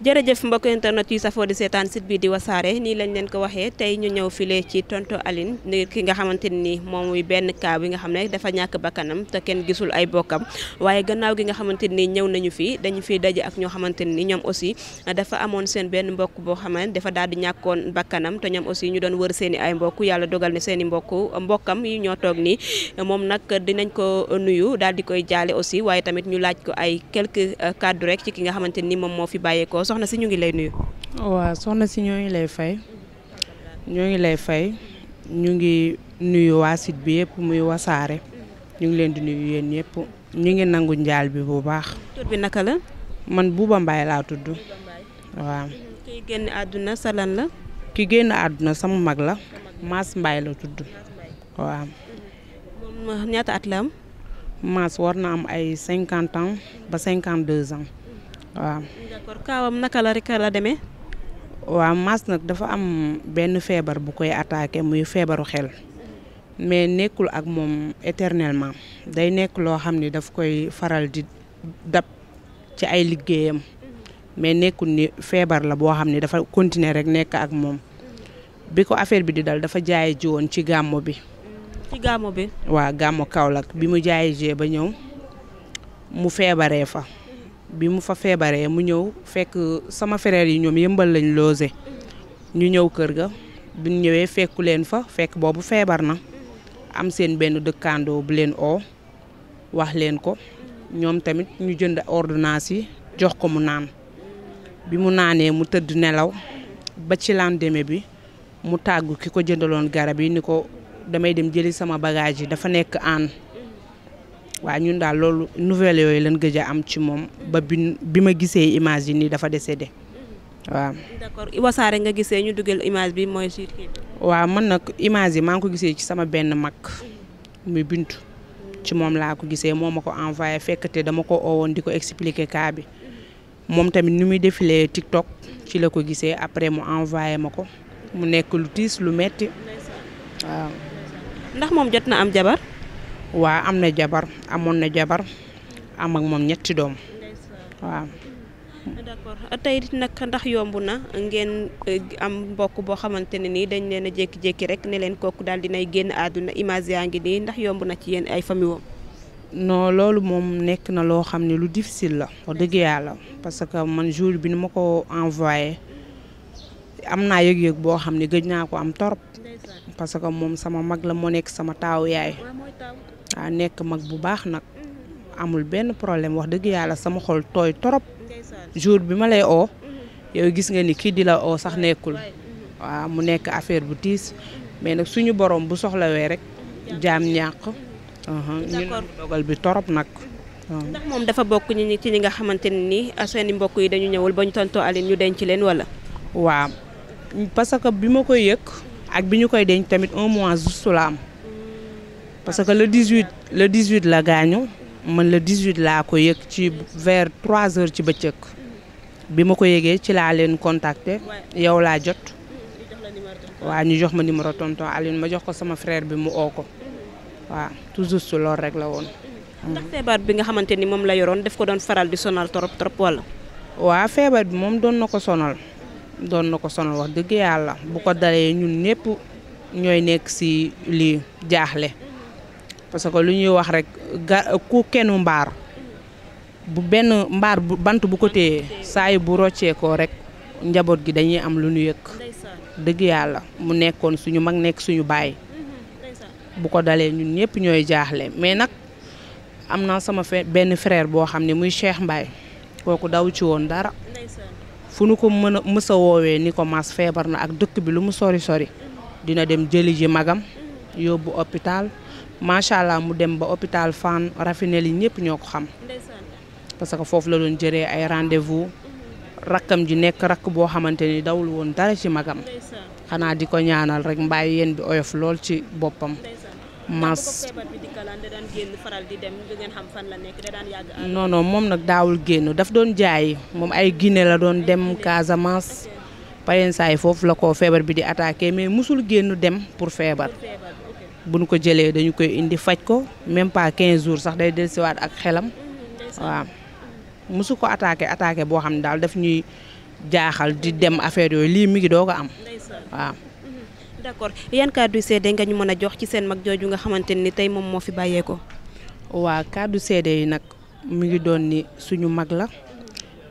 jërëjëf mbokk internet yi safoo di seetaan site bi di wasaare nii lañ leen ko waxee tey ñu ñëw file ci tonto Aline ni ki nga xamante ni moom muy benn cas bi nga xam ne dafa ñàkk bakkanam te kenn gisul ay bokkam waaye gannaaw gi nga xamante ni ñëw nañu fi dañu fi daje ak ñoo xamante ni ñoom aussi dafa amoon seen benn mbokk boo xam ne dafa daal di ñàkkoon bakkanam te aussi ñu doon wër seen ay mbokk yàlla dogal ne seen i mbokkam yi ñoo nii moom nag dinañ ko nuyu daal di koy jaale aussi waaye tamit ñu laaj ko ay quelques euh, kaddu rek ci ki nga xamante ni moom moo fi bàyyeekoo soxna si ñu ngi lay nuyu. waa soxna si ñoo ngi lay fay ñoo ngi lay fay ñu ngi nuyu waasit bi yëpp muy wasaare ñu ngi leen di nuyu yéen yëpp ñu ngi nangu njaal bi bu baax. tur bi naka la. man Buuba Mbaay laa tudd. waaw. ki génn àdduna sa lan la. ki génn àdduna sama mag la. Maas Mbaay la tudd. waaw. ñaata at la am. Maas war na am ay cinquante ans ba cinquante deux ans. waa d'accord naka la rek la demee. waaw Mass nag dafa am benn feebar bu koy attaqué muy feebaru xel mais nekkul ak moom éternellement day nekk loo xam ni daf koy faral di dab ci ay liggéeyam mais nekkul ni feebar la boo xam ni dafa continuer rek nekk ak moom bi ko affaire bi di dal dafa jaay ji woon ci gàmmo bi. ci gàmmo bi. waaw gàmmo Kaolack bi mu jaay jee ba ñëw mu feebaree fa. bi mu fa feebaree mu ñëw fekk sama frère yi ñoom yëmbal lañ loose ñu ñëw kër ga buñ ñëwee fekku leen fa fekk boobu feebar na am seen benn dëkkaandoo bu leen o wax leen ko ñoom tamit ñu jënd ordonnance yi jox ko mu naan bi mu naanee mu tëdd nelaw ba ci deme bi mu tàggu ki ko jëndaloon garab yi ni ko damay dem jëli sama bagage yi dafa nekk aan waa ñun daal loolu nouvelle yooyu lan gëj a am ci moom ba bi bi ma gisee image yi nii dafa décédé waaw. d'accord wasaare nga gisee ñu dugal image bi mooy sur kii. waaw man nag image yi maa ngi ko gisee ci sama benn mag muy bintu ci moom laa ko gisee moom ma ko envoyé fekk te dama ko oowoon di ko expliquer cas bi moom tamit ni muy défilé TikTok ci la ko gisee après mu envoyé ma ko mu nekk lu tiis lu metti waaw. ndax moom jot na am jabar. waa am na jabar amoon na jabar am ak moom ñetti doom waaw. d'accord tey nag ndax yomb na ngeen eh, am mbokk boo xamante ne nii dañ leen a jékki rek ne leen kooku daal dinay génn àdduna image yaa ngi nii ndax yomb na ci yéen ay famille woom non loolu moom nekk na loo xam ne lu difficile la wax dëgg yàlla parce que man jour bi nu ma ko envoyé am naa yëg-yëg boo xam ne gëj naa ko am torop parce que moom sama mag la moo nekk sama taawu waaw nekk mag bu baax nag amul benn problème wax dëgg yàlla sama xol tooy torop jour bi ma lay o mm-hmm. yow gis nga ni kii di la o sax nekkul mm-hmm. waa mu nekk affaire bu tiis mais nag suñu borom bu soxlawee rek jaam ñàq ñun bi torop nag mm-hmm. ndax moom dafa bokk ñi ci ñi nga xamante ne ni ah, seeni mbokk yi dañu ñëwul ba ñu tontoo Aline ñu denc leen wala waaw parce que bi ma koy yëg ak bi ñu koy denc tamit un mois juste la am parce que le 18 le 18 la gaañu man le 18 laa ko yëg ci ver trois heures ci bëccëg bi ma ko yëgee ci laa leen contacter yow laa jot waa ñu jox ma numéro tonton Alioune ma jox ko sama frère bi mu oo ko waaw toujours su loolu rek la woon. Hmm. ndax feebar bi nga xamante ni moom la yoroon daf ko doon faral di sonal trop trop wala. waaw feebar bi moom doon na ko sonal doon na ko sonal wax dëgg yàlla bu ko dalee ñun ñëpp ñooy nekk si lii jaaxle. parce que lu ñuy wax rek ku kennu mbaar bu benn mbaar bu bant bu ko téyee saa yi bu rocceekoo rek njaboot gi dañuy am lu ñu yëg dëgg yàlla mu nekkoon suñu mag nekk suñu baay mm-hmm. bu ko dalee ñun ñëpp ñooy jaaxle mais nag am naa sama benn frère boo xam ne muy Cheikh Mbaye kooku daw ci woon dara fu nu ko mën a mës woowee ni ko mas feebar na ak dëkk bi lu mu sori sori mm-hmm. dina dem jëli ji magam mm-hmm. yóbbu hopital macha allah mu dem ba hôpital Fann Rafinel yi ñëpp ñoo ko xam. parce que foofu la doon jëree ay rendez-vous. rakkam ji nekk rakk boo xamante ni dawul woon dara ci magam. xanaa di ko ñaanal rek mbaay yéen bi oyof lool ci boppam. mas non moom nag daawul génn daf doon jaay moom ay Guinée la doon dem Casamance. payen saa yi foofu la ko feebar bi di attaqué mais mosul génn dem pour feebar. bu ñu ko jëlee dañu koy indi faj ko même pas 15 jours sax day dellusiwaat ak xelam. waaw mosu ko attaque attaqué boo xam ne daal daf ñuy jaaxal di dem affaire yooyu lii mi ngi doo ko am waaw. Mhm. d'accord yan kàddu seede nga ñu mën a jox ci seen mag jooju nga xamante ni tey moom moo fi bàyyee ko. waa kàddu seede yi nag mi ngi doon ni suñu mag la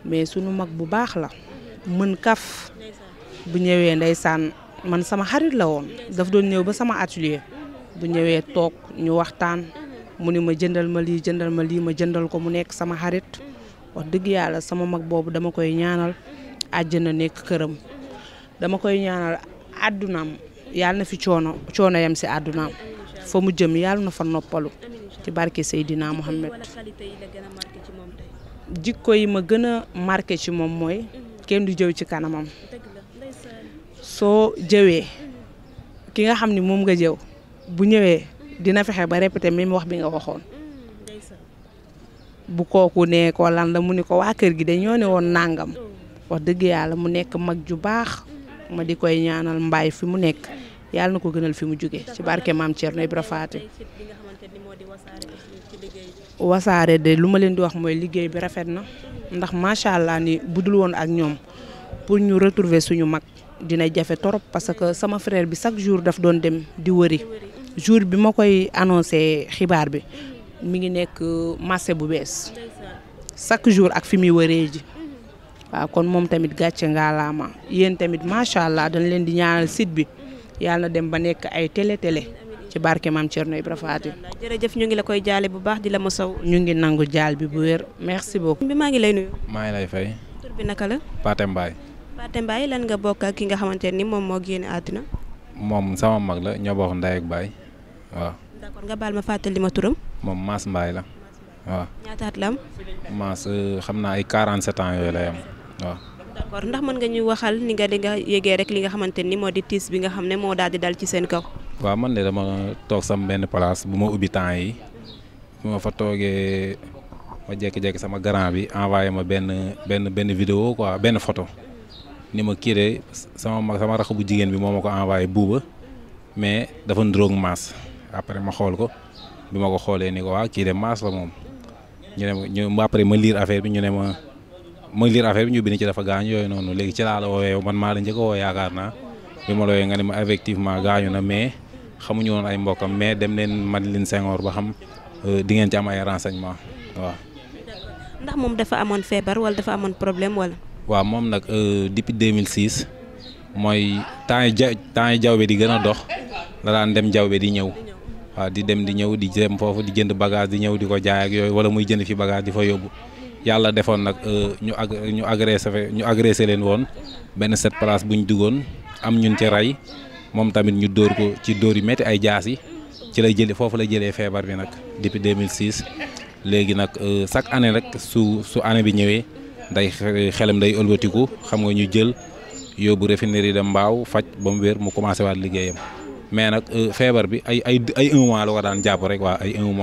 mais suñu mag bu baax la mën kaf bu ñëwee ndey saan man sama xarit la woon daf doon néew ba sama atelier. bu ñëwee toog ñu waxtaan mhm. mu ni ma jëndal ma lii jëndal ma lii ma jëndal ko mu nekk sama xarit mhm. wax dëgg yàlla sama mag boobu dama koy ñaanal mhm. àjjana nekk këram dama koy ñaanal àddunaam yàlla na fi coono coono yam si àddunaam fa mu jëm yàlla na fa noppalu ci barke seydinaa Mohamed jikko yi ma gën a marke ci moom mooy kenn du jëw ci kanamam soo jëwee ki nga xam ni moom nga jëw bu ñëwee dina fexe ba répéter même wax bi nga waxoon mm. bu kooku nee ko lan la mu ni ko waa kër gi dañoo ne woon nàngam wax dëgg yàlla mu nekk mag ju baax ma di koy ñaanal mbaay fi mu nekk yàlla na ko gënal fi mu jóge ci barke maam Thierno Ibra Faty wasaare de lu ma leen di wax mooy liggéey bi rafet na ndax macha allah ni bu dul woon ak ñoom pour ñu retrouver suñu mag dina jafe torop parce que sama frère bi chaque jour daf doon dem di wëri jour bi ma koy annoncé xibaar bi mu ngi nekk marché bu bees chaque jour ak fi muy waree ji waaw kon moom tamit gàcce ngaa laama yéen tamit macha allah dañ leen di ñaanal site bi yàlla dem ba nekk ay télé télé ci barke maam Thierno Ibra Faty. jëf ñu ngi la koy jaale bu baax di la ma mosaw. ñu ngi nangu jaal bi bu wér merci beaucoup. bi maa ngi lay nuyu. maa ngi lay fay. tur bi naka la. Pathé Mbaye. Pathé Mbaye lan nga bokk ki nga xamante ni moom moo génn àddina. moom sama mag la ñoo bokk ndey waaw. d'accord baal ma fàttali ma turam. moom Mass Mbaye la waaw. ñaata la am. Euh, xam naa ay 47 ans yooyu am waaw. d'accord ndax mën nga ñu waxal ni nga di nga rek li nga xamante ni moo bi nga xam ne moo daal di dal ci seen kaw. waaw man de dama toog sama benn place bu ma ubbi temps yi ma fa toogee ma jékki-jékki sama grand bi envoyé ma benn benn benn vidéo quoi benn photo ni ma kii sama sama bu jigéen bi moo ma ko envoyé buuba mais dafa ndróog maas. après ma xool ko bi ma ko xoolee ni ko waa kii de maas la moom ñu ne ma ñu ma liir affaire bi ñu ne ma ma liir affaire bi ñu bind ci dafa gaañu yooyu noonu léegi ci laa la woowee maa la njëkk a woo yaakaar naa bi ma la woowee nga na mais xamuñu woon ay mbokkam mais dem leen Madeleine Senghor ba xam euh, di ngeen ci am ay renseignement waaw. ndax moom dafa amoon feebar wala dafa amoon problème wala. waaw moom nag euh, depuis 2006 mooy temps yi ja temps yi jawbe di gën a dox la daan dem jawbe di ñëw. waaw di dem di ñëw di dem foofu di jënd bagage di ñëw di ko jaay ak yooyu wala muy jënd fi bagage di fa yóbbu yàlla defoon nag euh, ñu ag ñu agressé ñu agressé leen woon benn set place bu ñu duggoon am ñun ci ray moom tamit ñu dóor ko ci dóor yi métti ay jaas yi ci lay jëlee foofu la jëlee feebar bi nag depuis 2006 léegi nag euh, chaque année rek su su année bi ñëwee day xelam day ëlbatiku xam nga ñu jël yóbbu yi dem mbaaw faj ba mu wér mu commencé waat liggéeyam. mais nag euh, feebar bi ay ay ay un mois la ko daan jàpp rek waa ay un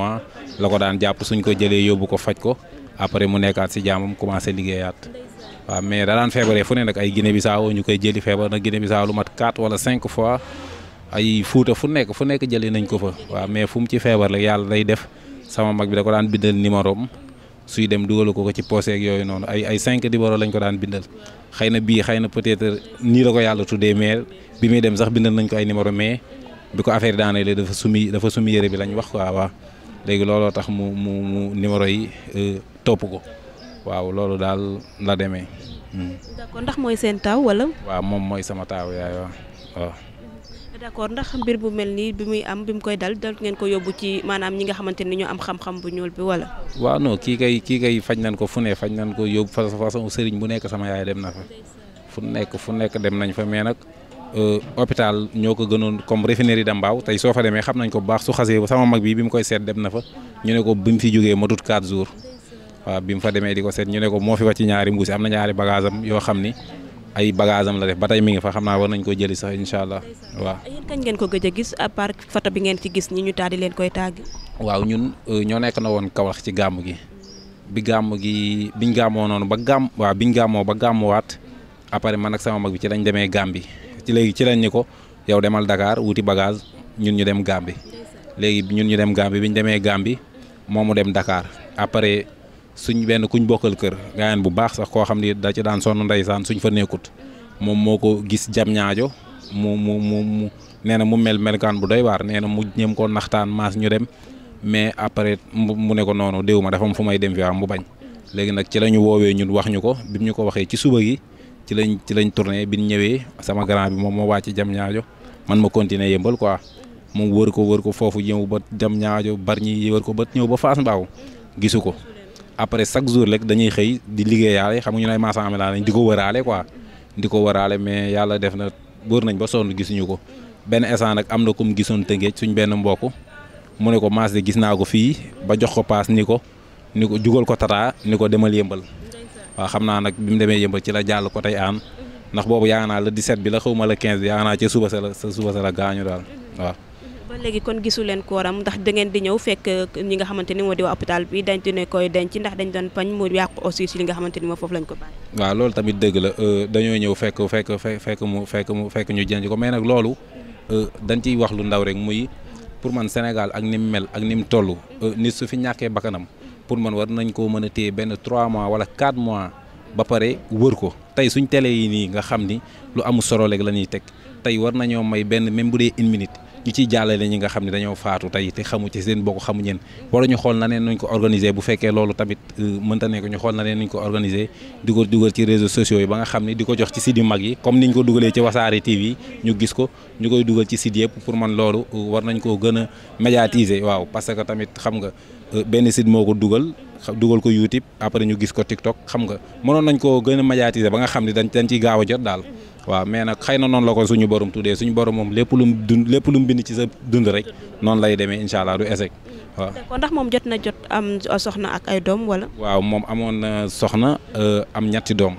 la ko daan jàpp suñ ko jëlee yóbbu ko faj ko après mu nekkaat si jaamam commencé liggéeyaat waaw mais da daan feebaree fu ne nag ay Guinée Bissau ñu koy jëli feebar nag Guinée Bissau lu mat 4 wala 5 fois ay fuuta fu nekk fu nekk jëlee nañ ko fa waaw mais fu ci feebar la yàlla day def sama mag bi da ko daan bindal numéro am suy dem dugalu ko ko ci poose ak yooyu noonu ay ay cinq diboro lañ ko daan bindal xëy na bii xëy na peut-être nii la ko yàlla tuddee mais bi muy dem sax bindal nañ ko ay numéro mais bi ko affaire daanee léegi dafa sumi dafa sumi yére bi lañ wax quoi waa léegi looloo tax mu mu mu numéro yi euh, topp ko waaw loolu daal la demee. Hmm. d'accord ndax mooy seen taaw wala. waaw moom mooy sama taaw yaay waaw waaw. d'accord ndax mbir bu mel nii bi muy am bi mu koy dal dal ngeen ko yóbbu ci maanaam ñi nga xamante ni ñoo am xam-xam bu ñuul bi wala. waaw non kii kay kii kay faj nan ko fu ne faj nan ko yóbbu façon sëriñ bu nekk sama yaay dem na fa fu nekk fu nekk dem nañ fa mais nag euh, hôpital ñoo ko gënoon comme refinerie de Mbao tey soo fa demee xam nañ ko bu baax su xasee sama mag bi bi mu koy seet dem na fa ñu ne ko bi mu fi jógee matut 4 jours waaw bi mu fa demee di ko seet ñu ne ko moo fi wàcc ñaari mbuus am na ñaari bagage am yoo xam ni ay bagage am la def ba tay mi ngi fa xam naa war nañ ko jëli sax incha allah waaw. yéen kañ ngeen ko gëj a gis à part photo bi ngeen ci gis ñi ñu taal di leen koy tàgg. waaw ñun euh, ñoo nekk na woon Kaolack ci gàmm gi bi gàmm gi biñ gàmmoo noonu ba gàmm waaw biñ gàmmoo ba gàmmuwaat après man ak sama mag bi ci lañ demee Gàmbi ci léegi ci lañ ko yow demal dakaar wuti bagaas ñun ñu dem Gàmbi léegi ñun ñu dem Gàmbi biñ demee Gàmbi moom mu dem Dakar après suñ benn kuñ bokkal kër gaayaan bu baax sax koo xam ni da ci daan sonn ndeysaan suñ fa nekkut moom moo ko gis jam ñaajo mu mu mu nee na mu mel melkaan bu doy waar nee na mu ñëm ko naxtaan maas ñu dem mais après mu ne noonu déw ma dafa am fu may dem fi am mu bañ léegi nag ci la ñu woowee ñun wax ñu ko bi ñu ko waxee ci suba gi ci lañ ci lañ tourné bi ñu ñëwee sama grand bi moom moo wàcc jam ñaajo man ma continuer yëmbal quoi moom wër ko wër ko foofu ñëw ba jam ñaajo bari ñi wër ko ba ñëw ba faas mbaaw gisu ko après chaque jour rek dañuy xëy di liggéeyaale xam nga ñu ne ay maçon ambulant lañ di ko wëraale quoi di ko wëraale mais yàlla def na wër nañ ba sonn gisuñu ko benn instant nag am na ku mu gisoon tëngeej suñ benn mbokk mu ne ko maas gis naa ko fii ba jox ko paas ni ko ni ko jugal ko tataa ni ko demal yëmbal waaw xam naa nag bi mu demee yëmbal ci la jàll ko tey aan ndax boobu yaa naa la 17 bi la xaw ma la 15 bi yaa naa ca suba sa la sa suba sa la gaañu daal waaw léegi kon gisu leen kooram ndax da ngeen di ñëw fekk ñi nga xamante ni moo di waa hôpital bi dañ di ne koy denc ndax dañ doon pañ mu yàqu aussi ci li nga xamante ni moo foofu lañ ko bàyyi waaw loolu tamit dëgg la euh, dañoo ñëw fekk fekk fekk mu fekk mu fekk ñu jënd ko mais nag loolu euh, dañ ciy wax lu ndaw rek muy pour man Sénégal ak ni mu mel ak ni mu toll euh, nit su fi ñàkkee bakkanam pour man war nañ koo mën a téye benn trois mois wala 4 mois ba pare wër ko tey suñ télé yi nii nga xam ni lu amul solo rek la teg tey war nañoo may benn même bu dee une ñu ciy jàllale ñi nga xam ne dañoo faatu tey te xamu ci seen bokk xamu ñeen waruñu xool na neen nuñ ko organiser bu fekkee loolu tamit euh, mënta nekk ñu xool na neen nuñ ko organiser di ko dugal ci réseaux sociaux yi ba nga xam ne di ko jox ci site yu mag yi comme niñ ko dugalee ci wasaare TV ñu gis ko ñu koy dugal ci site yëpp pour man loolu euh, war nañ koo gën a waaw parce que tamit xam nga euh, benn site moo ko dugal dugal ko YouTube après ñu gis ko TikTok xam nga mënoon nañ koo gën a médiatiser ba nga xam ne dañ dañ ciy gaaw a jot daal waaw mais nag xëy na noonu la ko suñu borom tuddee suñu borom moom lépp lu mu dund lépp lu ci sa dund rek noonu lay demee incha du échec ndax moom jot na jot am soxna ak ay doom wala. waaw moom amoon na soxna euh, am ñetti doom.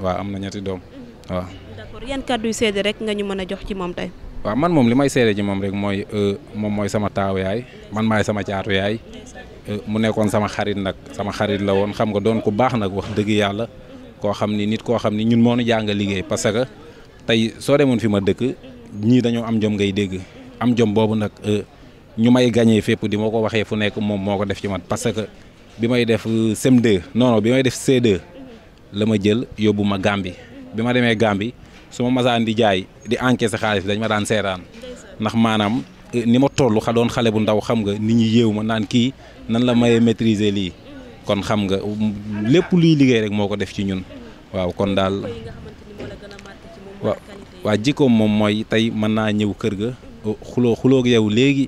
waaw am na doom mhm. waaw. d'accord yan kàddu rek nga ñu mën a jox ci moom waaw man moom li may seede ci moom rek mooy euh, moom mooy sama taaw yaay man maay sama caatu yaay euh, mu nekkoon sama xarit nag sama xarit la woon xam nga doon ku baax nag wax dëgg yàlla mhm. koo xam ni nit koo xam ni ñun moo ñu jàng liggéey parce que. tey soo demoon fi ma dëkk ñii dañoo am jom ngay dégg am jom boobu nag euh, ñu may gagné fépp di ma ko waxee fu nekk moom moo ko def ci man parce que bi may def euh, CM2 non bi may def c la ma jël yóbbu ma Gambie bi ma demee Gambie su ma masaan di jaay di encaissé xaalis dañ ma daan seetaan ndax maanaam euh, ni ma toll xa xale bu ndaw xam nga nit ñi yéew ma naan kii nan la mayee maîtriser lii kon xam nga um, lépp luy liggéey rek moo ko def ci ñun waaw kon daal. waaw waa jikkoom moom mooy tey man naa ñëw kër ga uh, xuloo xuloog yow léegi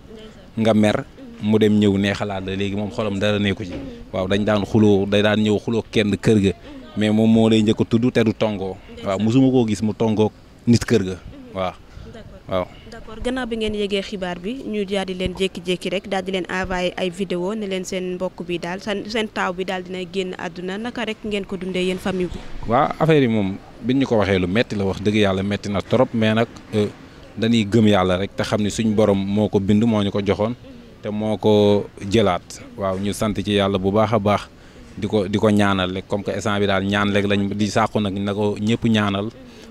nga mer mu dem ñëw neexalaat la léegi moom xolam dara nekku ci waaw dañ daan xuloo day daan ñëw xuloo kenn kër ga mais moom moo lay njëkk tudd te du tongoo waaw mosuma koo gis mu tongook nit kër ga waaw waaw d'accord gannaaw bi ngeen yégee xibaar bi ñu daal di leen jékki-jékki rek daal di leen envoyé ay vidéo ne leen seen mbokk bi daal seen taaw bi daal dina génn àdduna naka rek ngeen ko dundee yéen famille biñ ñu ko waxee lu metti la wax dëgg yàlla metti na trop mais nag euh, dañuy gëm yàlla rek te xam ni suñ borom moo ko bind moo ñu ko joxoon te moo ko jëlaat waaw ñu sant ci yàlla bu baax a baax di ko di ko ñaanal rek comme que instant bi daal ñaan rek lañ di sàqu nag na ko ñëpp ñaanal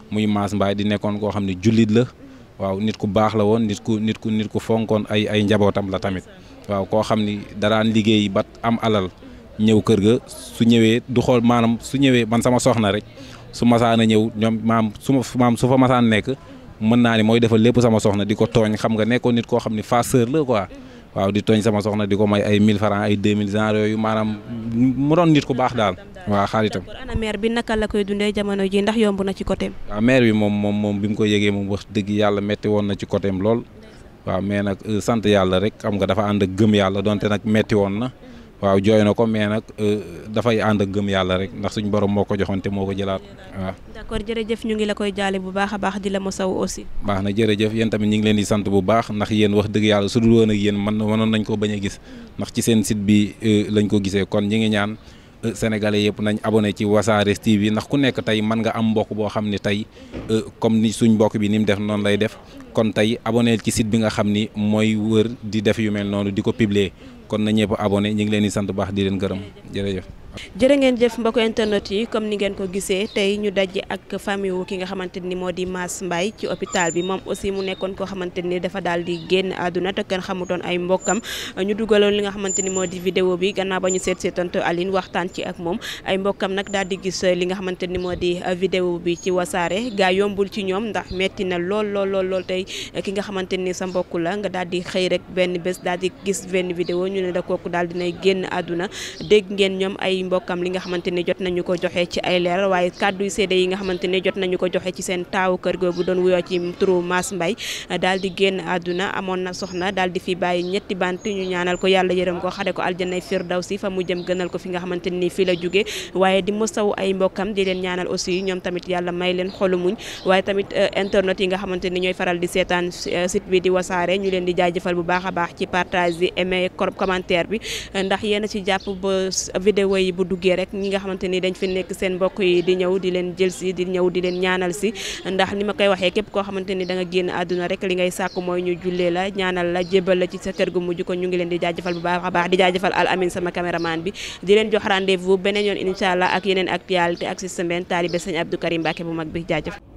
muy maas Mbaye di nekkoon koo xam ne jullit la waaw nit ku baax la woon nit ku nit ku nit ku fonkoon ay ay njabootam la tamit waaw koo xam ni daraan liggéey ba am alal ñëw kër ga su ñëwee du xool maanaam su ñëwee man sama soxna rek su masaan a ñëw ñoom maam su ma maam su fa masaan nekk mën naa ni mooy defal lépp sama soxna di ko tooñ xam nga nekkoon nit koo xam ni farceur la ko waaw di tooñ sama soxna di ko may ay 1000 francs ay 2000 genre yooyu maanaam mu doon nit ku baax daal waaw xaalitam ana maire bi naka la koy dundee jamono ji ndax yomb na ci côté waaw maire bi moom moom moom bi mu ko yëgee moom wax dëgg yàlla metti woon na ci côté lool waaw mais nag euh, sant yàlla rek xam nga dafa ànd ak gëm yàlla donte nag metti woon na waaw jooy na ko mais nag euh, dafay ànd ak gëm yàlla rek ndax suñu borom moo ko joxoon moo ko jëlaat waaw. d'accord jërëjëf ñu ngi la koy jaale bu baax a baax di la mosaw aussi. baax na jërëjëf yéen tamit ñu ngi leen di sant bu baax ndax yéen wax dëgg yàlla su dul woon ak yéen man mënoon nañ ko bañ a gis ndax ci seen site bi euh, lañ ko gisee kon ñi ngi ñaan Euh, sénégalais yëpp nañ abonné ci Wassare bi ndax ku nekk tey man nga am mbokk boo xam ni tey euh, comme ni suñ mbokk bi ni mu def noonu lay def kon tey abonné ci site bi nga xam ni mooy wër di def yu mel noonu di ko publier kon na ñëpp abonné ñu ngi leen di sant baax di leen gërëm jërëjëf jërë ngeen jëf mbokk internet yi comme ni ngeen ko gisee tey ñu daj ak famille ki nga xamante ni moo di Mass mbay ci hôpital bi moom aussi mu nekkoon koo xamante ni dafa daal di génn àdduna te kenn xamutoon ay mbokkam ñu dugaloon li nga xamante ni moo di vidéo bi gannaaw ba ñu seet seetanto Aline waxtaan ci ak moom ay mbokkam nag daal di gis li xamante ni moo di vidéo bi ci wasaare gaa yombul ci ñoom ndax metti na lool lool tey ki nga xamante ni sa mbokk la nga daal di xëy rek benn bés daal di gis benn vidéo ñu ne da kooku daal dinay génn àdduna dégg ngeen ñoom ay mbokkam li nga xamante ne jot nañu ko joxe ci ay leeral waaye kàddu seede yi nga xamante ne jot nañu ko joxe ci seen taawu kër googu doon wuyoo ci turu Mass Mbaye daal di génn àdduna amoon na soxna daal di fi bàyyi ñetti bant ñu ñaanal ko yàlla yërëm ko xare ko aljanay firdawsi fa mu jëm gënal ko fi nga xamante ni la jóge waaye di mosaw ay mbokkam di leen ñaanal aussi ñoom tamit yàlla may leen xolu waaye tamit eh, internet yi nga xamante ñooy faral eh, a a bu duggee rek ñi nga xamante ni dañ fi nekk seen mbokk yi di ñëw di leen jël si di ñëw di leen ñaanal si ndax ni ma koy waxee képp koo xamante ni da génn àdduna rek li ngay sàkk mooy ñu jullee la ñaanal la jébal la ci sa kër gu mujj ko ñu ngi leen di jaajëfal bu baax a baax di jaajëfal al amin sama caméraman bi di leen jox rendez-vous beneen yoon incha allah ak yeneen actualité ak si semaine taalibe sëñ Abdou Karim Mbacke bu mag bi jaajëf